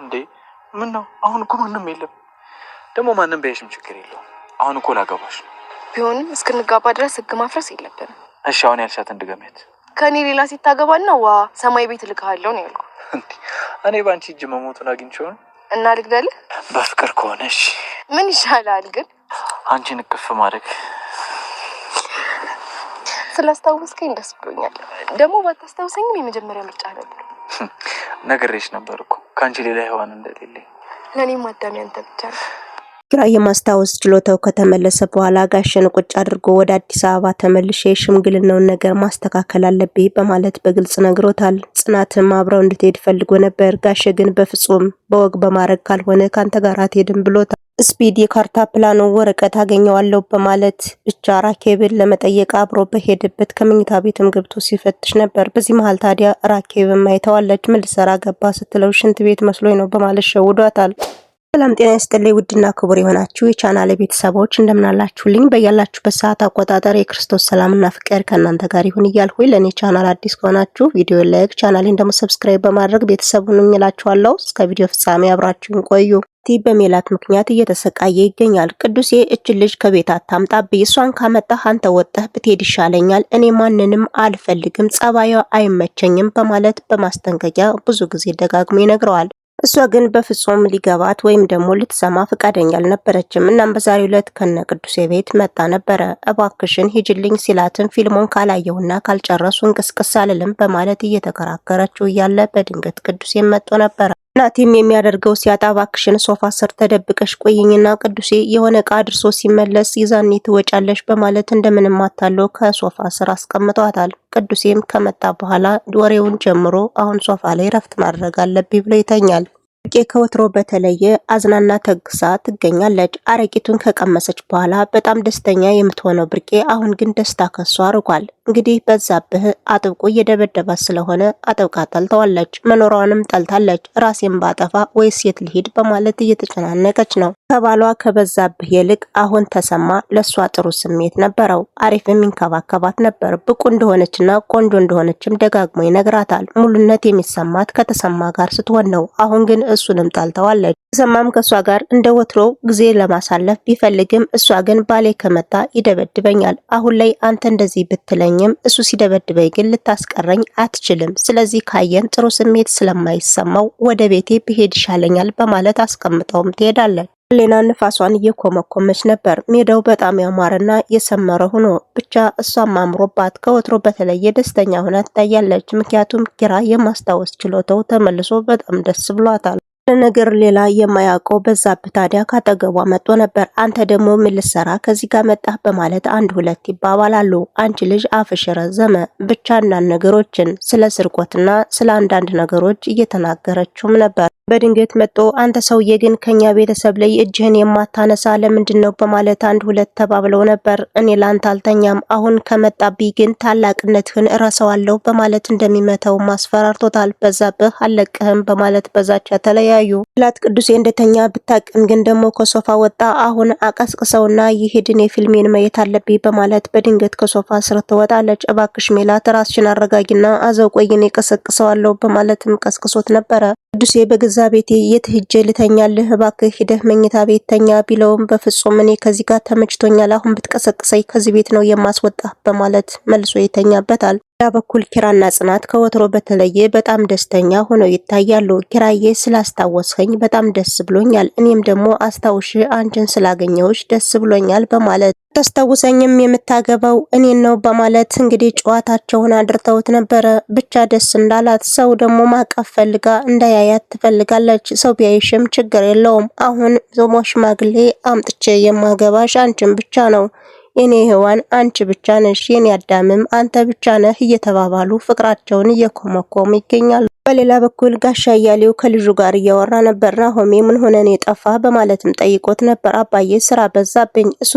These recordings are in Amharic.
እንዴ ምን ነው አሁን እኮ ማንም የለም። ደግሞ ማንም ቢያይሽም ችግር የለውም። አሁን እኮ ላገባሽ ነው። ቢሆንም እስክንጋባ ድረስ ህግ ማፍረስ የለብንም። እሺ አሁን ያልሻትን ድገሚያት። ከእኔ ሌላ ሲታገባና ዋ ሰማይ ቤት እልክሃለሁ ነው ያልኩህ። እኔ በአንቺ እጅ መሞቱን አግኝቼው ነው እና ልግደልህ። በፍቅር ከሆነሽ ምን ይሻላል ግን አንቺን እቅፍ ማድረግ ስላስታወስከኝ ደስ ብሎኛል። ደግሞ ባታስታውሰኝም የመጀመሪያ ምርጫ ነበር። ነግሬሽ ነበር እኮ ከአንቺ ሌላ ሔዋን እንደሌለ። ለእኔም ማዳሚ አንተ ብቻ ነው። ግራ የማስታወስ ችሎታው ከተመለሰ በኋላ ጋሸን ቁጭ አድርጎ ወደ አዲስ አበባ ተመልሼ የሽምግልናውን ነገር ማስተካከል አለብህ በማለት በግልጽ ነግሮታል። ጽናትም አብረው እንድትሄድ ፈልጎ ነበር። ጋሸ ግን በፍጹም በወግ በማድረግ ካልሆነ ከአንተ ጋር አትሄድም ብሎታል። ስፒድ የካርታ ፕላኑ ወረቀት አገኘዋለሁ በማለት ብቻ ራኬብን ለመጠየቅ አብሮ በሄደበት ከመኝታ ቤትም ገብቶ ሲፈትሽ ነበር። በዚህ መሀል ታዲያ ራኬብን ማይተዋለች። ምን ልሰራ ገባ ስትለው ሽንት ቤት መስሎኝ ነው በማለት ሸውዷታል። ሰላም ጤና ይስጥልኝ ውድና ክቡር የሆናችሁ የቻናል ቤተሰቦች እንደምናላችሁልኝ በያላችሁበት ሰዓት አቆጣጠር የክርስቶስ ሰላምና ፍቅር ከእናንተ ጋር ይሁን እያልኩኝ ለእኔ ቻናል አዲስ ከሆናችሁ ቪዲዮ ላይክ፣ ቻናሌን ደግሞ ሰብስክራይብ በማድረግ ቤተሰቡን እኝላችኋለሁ። እስከ ቪዲዮ ፍጻሜ አብራችሁን ቆዩ። በሜላት ምክንያት እየተሰቃየ ይገኛል። ቅዱሴ እች ልጅ ከቤት አታምጣብኝ፣ እሷን ካመጣህ አንተ ወጥተህ ብትሄድ ይሻለኛል፣ እኔ ማንንም አልፈልግም፣ ጸባዩ አይመቸኝም በማለት በማስጠንቀቂያ ብዙ ጊዜ ደጋግሞ ይነግረዋል። እሷ ግን በፍጹም ሊገባት ወይም ደግሞ ልትሰማ ፈቃደኛ አልነበረችም። እናም በዛሬው ዕለት ከነ ቅዱሴ ቤት መጣ ነበረ። እባክሽን ሂጅልኝ ሲላትን ፊልሙን ካላየውና ካልጨረሱ እንቅስቅስ አልልም በማለት እየተከራከረችው እያለ በድንገት ቅዱሴ መጥቶ ነበረ። ናቲም የሚያደርገው ሲያጣ እባክሽን ሶፋ ስር ተደብቀሽ ቆይኝና ቅዱሴ የሆነ እቃ አድርሶ ሲመለስ ይዛኔ ትወጫለሽ በማለት እንደምንም አታለው ከሶፋ ስር አስቀምጠዋታል። ቅዱሴም ከመጣ በኋላ ወሬውን ጀምሮ አሁን ሶፋ ላይ ረፍት ማድረግ አለብኝ ብሎ ይተኛል። ቄ ከወትሮ በተለየ አዝናና ተግሳ ትገኛለች። አረቂቱን ከቀመሰች በኋላ በጣም ደስተኛ የምትሆነው ብርቄ አሁን ግን ደስታ ከሷ አርጓል። እንግዲህ በዛብህ አጥብቆ እየደበደባት ስለሆነ አጥብቃ ጠልተዋለች። መኖሯንም ጠልታለች። ራሴን ባጠፋ ወይስ የት ልሂድ በማለት እየተጨናነቀች ነው። ከባሏ ከበዛብህ ይልቅ አሁን ተሰማ ለእሷ ጥሩ ስሜት ነበረው። አሪፍ የሚንከባከባት ነበር። ብቁ እንደሆነችና ቆንጆ እንደሆነችም ደጋግሞ ይነግራታል። ሙሉነት የሚሰማት ከተሰማ ጋር ስትሆን ነው። አሁን ግን እሱንም ጠልተዋለች። ተሰማም ከእሷ ጋር እንደ ወትሮ ጊዜ ለማሳለፍ ቢፈልግም እሷ ግን ባሌ ከመጣ ይደበድበኛል። አሁን ላይ አንተ እንደዚህ ብትለኝ ብትደበድበኝም እሱ ሲደበድበኝ ግን ልታስቀረኝ አትችልም። ስለዚህ ካየን ጥሩ ስሜት ስለማይሰማው ወደ ቤቴ ብሄድ ይሻለኛል በማለት አስቀምጠውም ትሄዳለች። ሌና ንፋሷን እየኮመኮመች ነበር። ሜዳው በጣም ያማረና የሰመረ ሆኖ ብቻ እሷም አምሮባት ከወትሮ በተለየ ደስተኛ ሆና ትታያለች። ምክንያቱም ኪራ የማስታወስ ችሎታው ተመልሶ በጣም ደስ ብሏታል። ነገር ሌላ የማያውቀው በዛብህ ታዲያ ካጠገቧ መጥቶ ነበር። አንተ ደግሞ ምን ልትሰራ ከዚህ ጋር መጣህ? በማለት አንድ ሁለት ይባባላሉ። አንቺ ልጅ አፍሽ ረዘመ ብቻ አንዳንድ ነገሮችን ስለ ስርቆትና ስለ አንዳንድ ነገሮች እየተናገረችውም ነበር። በድንገት መጦ አንተ ሰውዬ ግን ከኛ ቤተሰብ ላይ እጅህን የማታነሳ ለምንድን ነው? በማለት አንድ ሁለት ተባብለው ነበር። እኔ ላንተ አልተኛም፣ አሁን ከመጣብኝ ግን ታላቅነትህን እረሳዋለሁ በማለት እንደሚመተው ማስፈራርቶታል። በዛብህ አለቅህም በማለት በዛቻ ተለያዩ። ላት ቅዱሴ እንደተኛ ብታቅም ግን ደግሞ ከሶፋ ወጣ። አሁን አቀስቅሰውና ይሄድን የፊልሜን ማየት አለብኝ በማለት በድንገት ከሶፋ ስር ትወጣለች። እባክሽ ሜላት ራስሽን አረጋጊና አዘው ቆይን የቀሰቅሰዋለሁ በማለትም ቀስቅሶት ነበረ። ቅዱሴ በገዛ ቤቴ የት ሄጄ ልተኛልህ? እባክህ ሂደህ መኝታ ቤት ተኛ ቢለውም በፍጹም እኔ ከዚህ ጋር ተመችቶኛል፣ አሁን ብትቀሰቅሰኝ ከዚህ ቤት ነው የማስወጣህ በማለት መልሶ ይተኛበታል። ያ በኩል ኪራና ጽናት ከወትሮ በተለየ በጣም ደስተኛ ሆነው ይታያሉ። ኪራዬ ስላስታወስኸኝ በጣም ደስ ብሎኛል፣ እኔም ደግሞ አስታውሽ አንቺን ስላገኘሁሽ ደስ ብሎኛል በማለት ተስታውሰኝም የምታገባው እኔን ነው በማለት እንግዲህ ጨዋታቸውን አድርተውት ነበረ። ብቻ ደስ እንዳላት ሰው ደግሞ ማቀፍ ፈልጋ እንዳያያት ትፈልጋለች። ሰው ቢያይሽም ችግር የለውም አሁን ዞሞ ሽማግሌ አምጥቼ የማገባሽ አንቺን ብቻ ነው የኔ ህዋን አንቺ ብቻ ነሽ፣ የኔ አዳምም አንተ ብቻ ነህ እየተባባሉ ፍቅራቸውን እየኮመኮሙ ይገኛሉ። በሌላ በኩል ጋሻ እያሌው ከልጁ ጋር እያወራ ነበር። ናሆሜ ምን ሆነን የጠፋ በማለትም ጠይቆት ነበር። አባዬ ስራ በዛብኝ። እሱ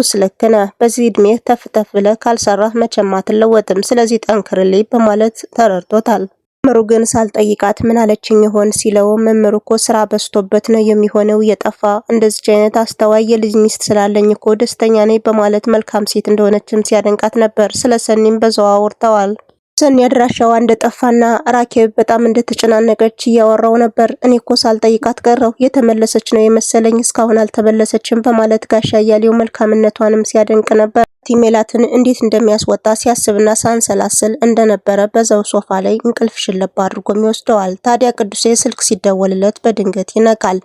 ነ በዚህ እድሜ ተፍተፍ ብለህ ካልሰራህ መቼም አትለወጥም፣ ስለዚህ ጠንክርልኝ በማለት ተረድቶታል። መምሩ ግን ሳልጠይቃት ምን አለችኝ ይሆን ሲለው መምሩ እኮ ስራ በዝቶበት ነው የሚሆነው የጠፋ እንደዚች አይነት አስተዋይ የልጅ ሚስት ስላለኝ እኮ ደስተኛ ነኝ በማለት መልካም ሴት እንደሆነችም ሲያደንቃት ነበር። ስለ ሰኒም በዛው አውርተዋል። ሰኒ አድራሻዋ እንደጠፋና ራኬብ በጣም እንደተጨናነቀች እያወራው ነበር። እኔ እኮ ሳልጠይቃት ቀረው የተመለሰች ነው የመሰለኝ እስካሁን አልተመለሰችም በማለት ጋሻ እያሌው መልካምነቷንም ሲያደንቅ ነበር። ቲሜላትን እንዴት እንደሚያስወጣ ሲያስብና ሳንሰላስል እንደነበረ በዛው ሶፋ ላይ እንቅልፍ ሽለባ አድርጎም ይወስደዋል። ታዲያ ቅዱሴ ስልክ ሲደወልለት በድንገት ይነቃል።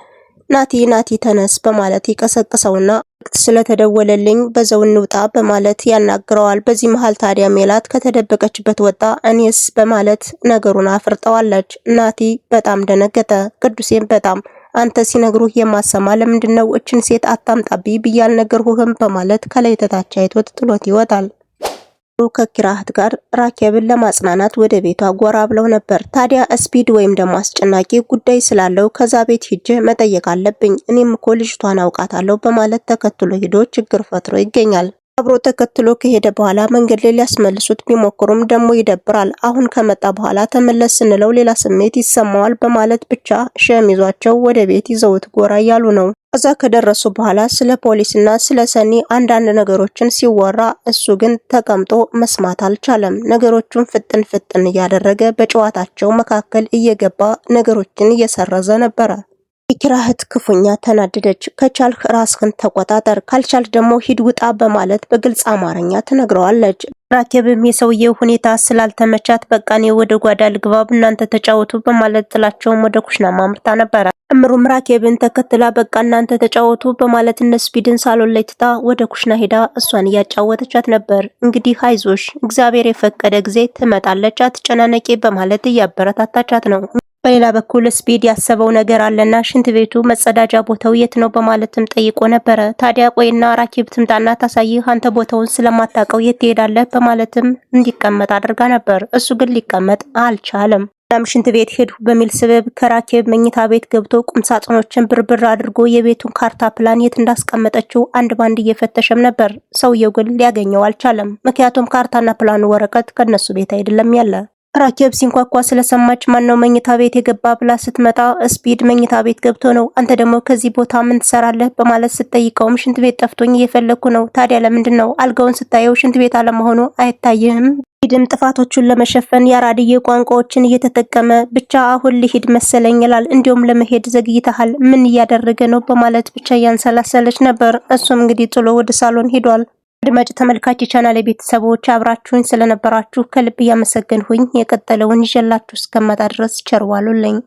ናቲ ናቲ ተነስ በማለት ይቀሰቅሰውና ስለተደወለልኝ በዘው እንውጣ በማለት ያናግረዋል። በዚህ መሃል ታዲያ ሜላት ከተደበቀችበት ወጣ እኔስ በማለት ነገሩን አፍርጠዋለች። ናቲ በጣም ደነገጠ። ቅዱሴን በጣም አንተ ሲነግሩህ የማሰማ ለምንድነው እችን ሴት አታምጣቢ ብያል ነገርሁህም በማለት ከላይ ተታች አይቶት ጥሎት ይወጣል። ከነበሩ ከኪራህት ጋር ራኬብን ለማጽናናት ወደ ቤቷ ጎራ ብለው ነበር። ታዲያ ስፒድ ወይም ደግሞ አስጨናቂ ጉዳይ ስላለው ከዛ ቤት ሂጄ መጠየቅ አለብኝ፣ እኔም እኮ ልጅቷን አውቃታለሁ በማለት ተከትሎ ሂዶ ችግር ፈጥሮ ይገኛል። አብሮ ተከትሎ ከሄደ በኋላ መንገድ ላይ ሊያስመልሱት ቢሞክሩም ደግሞ ይደብራል። አሁን ከመጣ በኋላ ተመለስ ስንለው ሌላ ስሜት ይሰማዋል በማለት ብቻ ሸሚዟቸው ወደ ቤት ይዘውት ጎራ እያሉ ነው። እዛ ከደረሱ በኋላ ስለ ፖሊስና ስለ ሰኒ አንዳንድ ነገሮችን ሲወራ እሱ ግን ተቀምጦ መስማት አልቻለም። ነገሮቹን ፍጥን ፍጥን እያደረገ በጨዋታቸው መካከል እየገባ ነገሮችን እየሰረዘ ነበረ። የኪራ እህት ክፉኛ ተናደደች። ከቻልክ ራስህን ተቆጣጠር፣ ካልቻልህ ደግሞ ሂድ ውጣ በማለት በግልጽ አማርኛ ትነግረዋለች። ራኬብም የሰውየው ሁኔታ ስላልተመቻት በቃ ወደ ጓዳ ልግባብ እናንተ ተጫወቱ በማለት ጥላቸውም ወደ ኩሽና ማምርታ ነበረ። እምሩም ራኬብን ተከትላ በቃ እናንተ ተጫወቱ በማለት እነስፒድን ስፒድን ሳሎን ላይ ትታ ወደ ኩሽና ሄዳ እሷን እያጫወተቻት ነበር። እንግዲህ አይዞሽ እግዚአብሔር የፈቀደ ጊዜ ትመጣለች አትጨናነቂ በማለት እያበረታታቻት ነው። በሌላ በኩል ስፒድ ያሰበው ነገር አለና ሽንት ቤቱ መጸዳጃ ቦታው የት ነው በማለትም ጠይቆ ነበረ። ታዲያ ቆይና ራኪብ ትምጣና ታሳይህ፣ አንተ ቦታውን ስለማታውቀው የት ትሄዳለህ በማለትም እንዲቀመጥ አድርጋ ነበር። እሱ ግን ሊቀመጥ አልቻለም። እናም ሽንት ቤት ሄድሁ በሚል ስበብ ከራኬብ መኝታ ቤት ገብቶ ቁምሳጥኖችን ብርብር አድርጎ የቤቱን ካርታ ፕላን የት እንዳስቀመጠችው አንድ ባንድ እየፈተሸም ነበር። ሰውየው ግን ሊያገኘው አልቻለም። ምክንያቱም ካርታና ፕላኑ ወረቀት ከነሱ ቤት አይደለም ያለ ራኬብ ሲንኳኳ ስለሰማች ነው መኝታ ቤት የገባ ብላ ስትመጣ ስፒድ መኝታ ቤት ገብቶ ነው አንተ ደግሞ ከዚህ ቦታ ምን ትሰራለህ በማለት ስትጠይቀውም ሽንት ቤት ጠፍቶኝ እየፈለግኩ ነው። ታዲያ ለምንድን ነው አልጋውን ስታየው ሽንት ቤት አለመሆኑ አይታይህም? ሂድም ጥፋቶቹን ለመሸፈን የአራድዬ ቋንቋዎችን እየተጠቀመ ብቻ አሁን ልሂድ መሰለኝ ይላል። እንዲሁም ለመሄድ ዘግይተሃል፣ ምን እያደረገ ነው በማለት ብቻ እያንሰላሰለች ነበር። እሱም እንግዲህ ጥሎ ወደ ሳሎን ሂዷል። አድማጭ ተመልካች የቻናል ቤተሰቦች አብራችሁኝ ስለነበራችሁ ከልብ እያመሰገንሁኝ የቀጠለውን ይዤላችሁ እስከመጣ ድረስ ቸር ዋሉልኝ።